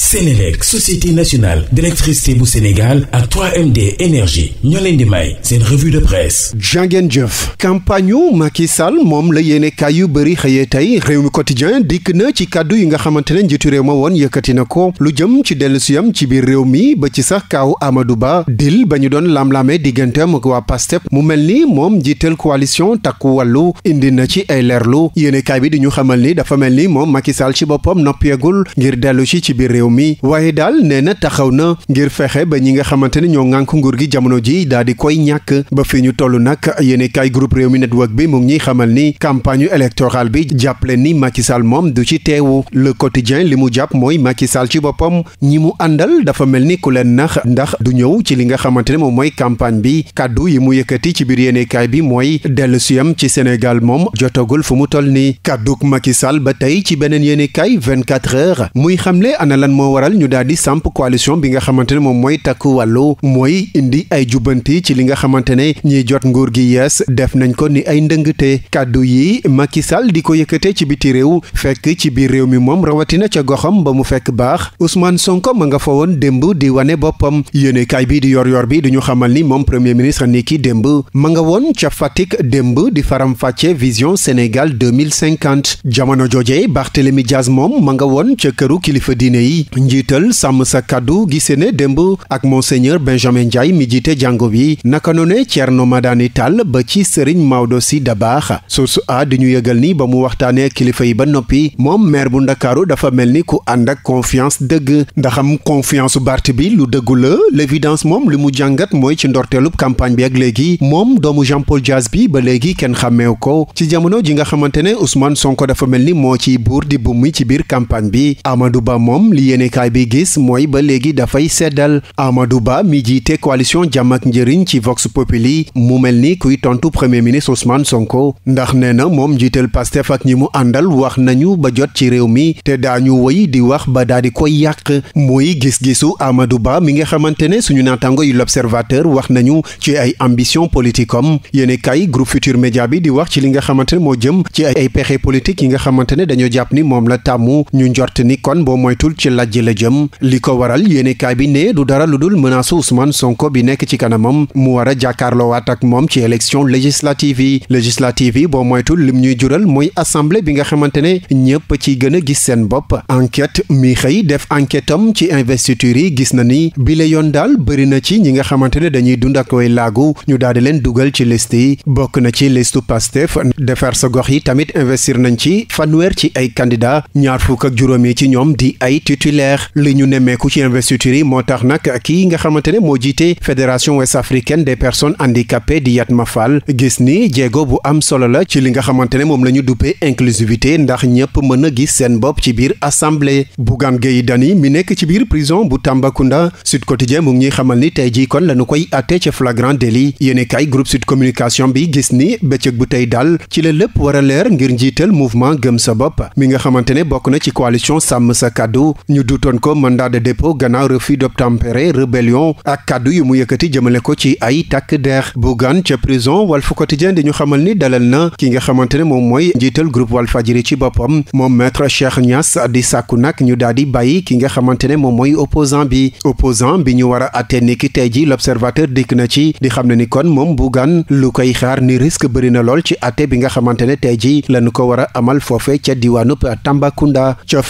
Sénélec société nationale d'électricité bu Sénégal ak 3MD énergie ñoo leen di may seen de presse. jàngeen jëf campagne yu Macky Sall moom la yéene yu bëri xëyee tey réew mi quotidien dikk na ci kàddu yi nga xamante ne njiitu réew ma woon yëkkati na ko lu jëm ci dellu siyam ci biir réew mi ba ci sax kaaw Amadou Ba dil ba ñu doon lamlamee digganteem ak waa PASTEP mu mel ni moom njiital coalition takku wàllu indi na ci ay leerlu yéene bi di ñu xamal ni dafa mel ni moom Macky Sall ci boppam noppeegul ngir dellu si ci biir réew réew mi waaye daal nee na taxaw na ngir fexe ba ñi nga xamante ne ñoo ngànk nguur gi jamono ji daal di koy ñàkk ba fi ñu toll nag yéene kaay groupe réew mi network bi mu ñuy xamal ni campagne électorale bi jàppale ni Macky Sall moom du ci teewu le quotidien li mu jàpp mooy Macky Sall ci boppam ñi mu àndal dafa mel ni ku leen nax ndax du ñëw ci li nga xamante ne moom mooy campagne bi kàddu yi mu yëkkati ci biir yéene bi mooy dellu siyam ci Sénégal moom jotagul fu mu toll ni kàdduk Macky Sall ba tey ci beneen yéene kaay 24 heures moo waral ñu daal di samp coalition bi nga xamante ne moom mooy takku wàllu mooy indi ay jubbanti ci li nga xamante ne ñiy jot nguur gi yees def nañ ko ni ay ndëngte kàddu yi Macky Sall di ko yëkkatee ci biti réew fekk ci biir réew mi moom rawatina ca goxam ba mu fekk baax Ousmane Sonko ma nga fa woon démb di wane boppam yéenekaay bi di yor yor bi duñu xamal ni moom premier ministre ni ki démb ma nga woon ca Fatick démb di faram-fàcce vision Sénégal 2050 jamono jooje Barthélémy Diaz moom ma nga ci njiital sàmm sa kàddu gisee ne démb ak monseigneur Benjamin Ndiaye mi jiite jàngo bi naka noone ma Madani Tall ba ci Serigne Maodo Sy Dabakh source a di ñu yëgal ni ba mu waxtaanee kilifa yi ba noppi moom maire bu ndakaaru dafa mel ni ku ànd ak confiance dëgg ndaxam confiance Barth bi lu dëggu la l'évidence moom li mu jàngat mooy ci ndorteelub campagne bi ak léegi moom doomu Jean Paul Dias bi ba léegi kenn xàmmeew ko ci jamono ji nga xamante ne mel ni moo ci buur di bummi campagne bi yéenekaay bi gis mooy ba léegi dafay seddal Amadou Ba mi jiite coalition jàmm ak njëriñ ci Vox Populi mu mel ni kuy tontu premier ministre Ousmane Sonko ndax nee na moom njiital Pastef fak ñi mu àndal wax nañu ba jot ci réew mi te daañu woy di wax ba daal di koy yàq muy gis-gisu amadu Ba mi nga xamante ne suñu naataango yu l'Observateur wax nañu ci ay ambition politique am yéenekaay groupe Futur Média bi di wax ci li nga xamante ne moo jëm ci ay pexe politique yi nga xamante ne dañoo jàpp ni moom la tàmmu lajj la jëm li ko waral yéenekaay bi ne du dara lu dul menace Ousmane Sonko bi nekk ci kanamam mu war a jàkkaarloowaat ak moom ci élection législative yi législative yi boo moytul lim ñuy jural mooy assemblée bi nga xamante ne ñëpp ci gën a gis seen bopp enquête mi xëy def enquête am ci investiture yi gis na ni bile yoon daal bëri na ci ñi nga xamante ne dañuy dund ak way laagu ñu daal di leen dugal ci liste yi bokk na ci listu fa defar sa gox yi tamit investir nañ ci fanweer ci ay candidat ci leer li ñu nemmeeku ci investiture moo tax nag kii nga xamante ne moo jiite fédération ouest africaine des personnes handicapées di Yatma Fall gis ni jéego bu am solo la ci li nga xamante ne moom lañu ñu duppee inclusivité ndax ñëpp mën a gis seen bopp ci biir assemblée Bougane Gueye Dany mi nekk ci biir prison bu Tambacounda Sud Quotidien mu ngi ñuy xamal ni tey jii kon lañu koy àtte ci flagrant délit yéene kay groupe Sud Communication bi gis ni bëccëg bu tey daal ci la lépp war leer ngir njiital mouvement gëm sa bopp mi na ci coalition sàmm ñu duutoon ko mandat de dépôt gannaaw refus d'obtempérer rébellion ak kàddu yu mu yëkkati jëmale ko ci ay takk der Bougane ca prison Walf Quotidien di ñu xamal ni dalal na ki nga xamante ne moom mooy njiital groupe Walfadjri ci boppam moom maître Cheikh Niass di sàkku nag ñu daal bàyyi ki nga xamante ne moom mooy opposant bi opposant bi ñu war a atte niki tey ji l'observateur dikk na ci di xam ne ni kon moom Bougane lu koy xaar ni risque bëri na lool ci atte bi nga xamante ne tey ko war a amal foofe ca diwaanub Tambacounda ca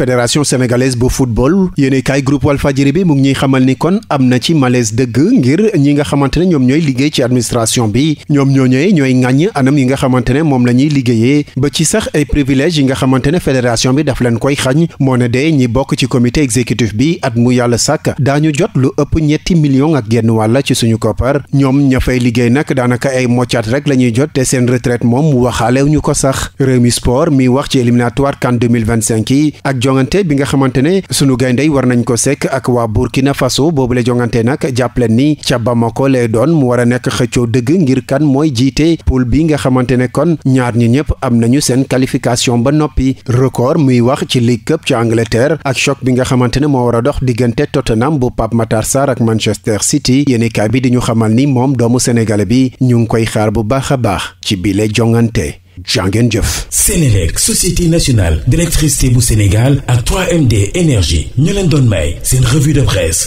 football yéene kaay groupe Walfadjri bi mu ngi xamal ni kon am na ci malaise dëgg ngir ñi nga xamante ne ñoom ñooy liggéey ci administration bi ñoom ñooñee ñooy ŋàññ anam yi nga xamante ne moom la ñuy liggéeyee ba ci sax ay privilèges yi nga xamante ne fédération bi daf leen koy xañ moo ne de ñi bokk ci comité exécutif bi at mu yàlla sàkk daañu jot lu ëpp ñetti millions ak genn wàlla ci suñu koppar ñoom ña fay liggéey nag daanaka ay moccaat rek la ñuy jot te seen retraite moom mu waxaale ñu ko sax Rewmi Sport mi wax ci éliminatoire CAN 2025 yi ak jongante bi nga sunu gaynde yi war nañ ko sekk ak waa Burkina Faso boobu la jongante nag jàppaleen ni ca Bamako lay doon mu war a nekk xëccoo dëgg ngir kan mooy jiite poule bi nga xamante ne kon ñaar ñi ñëpp am nañu seen qualification ba noppi record muy wax ci League Cup ci Angleterre ak choc bi nga xamante ne moo war a dox diggante Tottenham bu Pape Matar Sarr ak Manchester City yéenekaay bi di ñu xamal ni moom doomu sénégalais bi ñu ngi koy xaar bu baax a baax ci bile jongante jàngeen jëf Sénélec société nationale d'électricité bu Sénégal ak 3MD énergie ñu leen doon may seen de presse